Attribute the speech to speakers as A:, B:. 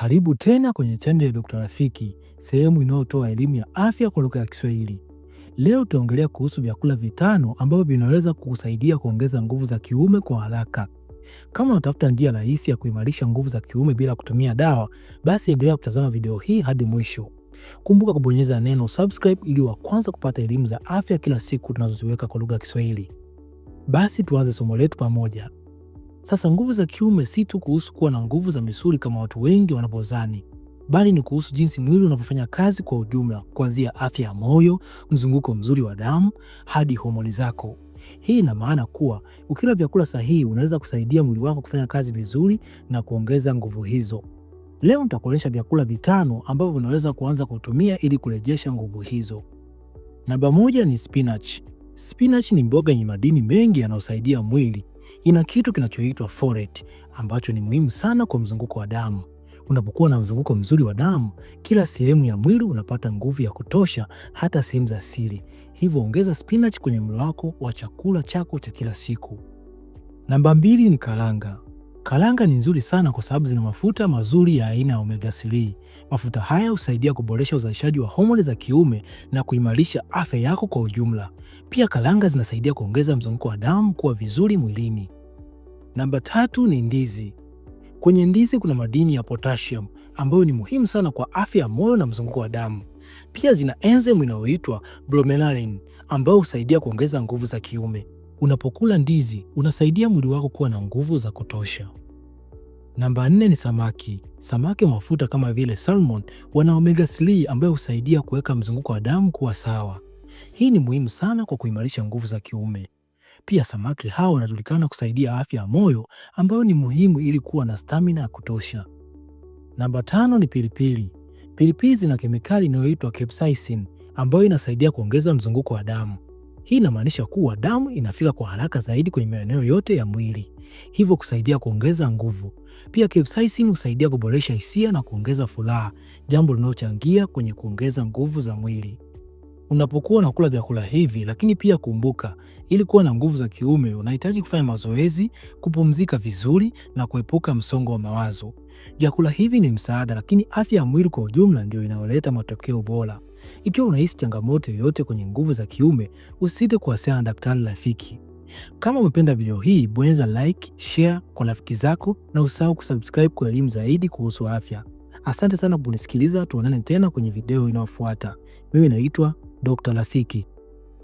A: Karibu tena kwenye chaneli ya Dokta Rafiki, sehemu inayotoa elimu ya afya kwa lugha ya Kiswahili. Leo tutaongelea kuhusu vyakula vitano ambavyo vinaweza kukusaidia kuongeza nguvu za kiume kwa haraka. Kama unatafuta njia rahisi ya kuimarisha nguvu za kiume bila kutumia dawa, basi endelea kutazama video hii hadi mwisho. Kumbuka kubonyeza neno subscribe ili wa kwanza kupata elimu za afya kila siku tunazoziweka kwa lugha ya Kiswahili. Basi tuanze somo letu pamoja. Sasa nguvu za kiume si tu kuhusu kuwa na nguvu za misuli kama watu wengi wanapozani, bali ni kuhusu jinsi mwili unavyofanya kazi kwa ujumla, kuanzia afya ya moyo, mzunguko mzuri wa damu hadi homoni zako. Hii ina maana kuwa ukila vyakula sahihi unaweza kusaidia mwili wako kufanya kazi vizuri na kuongeza nguvu hizo. Leo nitakuonyesha vyakula vitano ambavyo unaweza kuanza kutumia ili kurejesha nguvu hizo.
B: Namba moja ni spinach. Spinach ni mboga yenye madini mengi yanayosaidia mwili ina kitu kinachoitwa folate ambacho ni muhimu sana kwa mzunguko wa damu. Unapokuwa na mzunguko mzuri wa damu, kila sehemu ya mwili unapata nguvu ya kutosha, hata sehemu za siri. Hivyo ongeza spinach kwenye mlo wako wa chakula chako cha kila siku.
C: Namba mbili ni karanga. Kalanga ni nzuri sana kwa sababu zina mafuta mazuri ya aina ya omega 3. Mafuta haya husaidia kuboresha uzalishaji wa homoni za kiume na kuimarisha afya yako kwa ujumla. Pia kalanga zinasaidia kuongeza mzunguko wa damu kuwa vizuri mwilini.
D: Namba tatu ni ndizi. Kwenye ndizi kuna madini ya potassium ambayo ni muhimu sana kwa afya ya moyo na mzunguko wa damu. Pia zina enzimu inayoitwa bromelain ambayo husaidia kuongeza nguvu za kiume. Unapokula ndizi unasaidia mwili wako kuwa na nguvu za kutosha.
E: Namba nne ni samaki. Samaki wa mafuta kama vile salmon wana omega 3 ambayo husaidia kuweka mzunguko wa damu kuwa sawa. Hii ni muhimu sana kwa kuimarisha nguvu za kiume. Pia samaki hawa wanajulikana kusaidia afya ya moyo ambayo ni muhimu ili kuwa na stamina ya kutosha.
F: Namba tano ni pilipili. Pilipili zina kemikali inayoitwa capsaicin ambayo inasaidia kuongeza mzunguko wa damu. Hii inamaanisha kuwa damu inafika kwa haraka zaidi kwenye maeneo yote ya mwili, hivyo kusaidia kuongeza nguvu. Pia capsaicin husaidia kuboresha hisia na kuongeza furaha, jambo linalochangia kwenye kuongeza nguvu za mwili unapokuwa unakula vyakula hivi. Lakini pia kumbuka, ili kuwa na nguvu za kiume unahitaji kufanya mazoezi, kupumzika vizuri na kuepuka msongo wa mawazo. Vyakula hivi ni msaada, lakini afya ya mwili kwa ujumla ndio inayoleta matokeo bora. Ikiwa unahisi changamoto yoyote kwenye nguvu za kiume, usisite kuwasiliana na daktari rafiki. Kama umependa video hii, bonyeza like, share kwa rafiki zako na usahau kusubscribe kwa elimu zaidi kuhusu afya. Asante sana kunisikiliza, tuonane tena kwenye video inayofuata. Mimi naitwa Dr. Rafiki.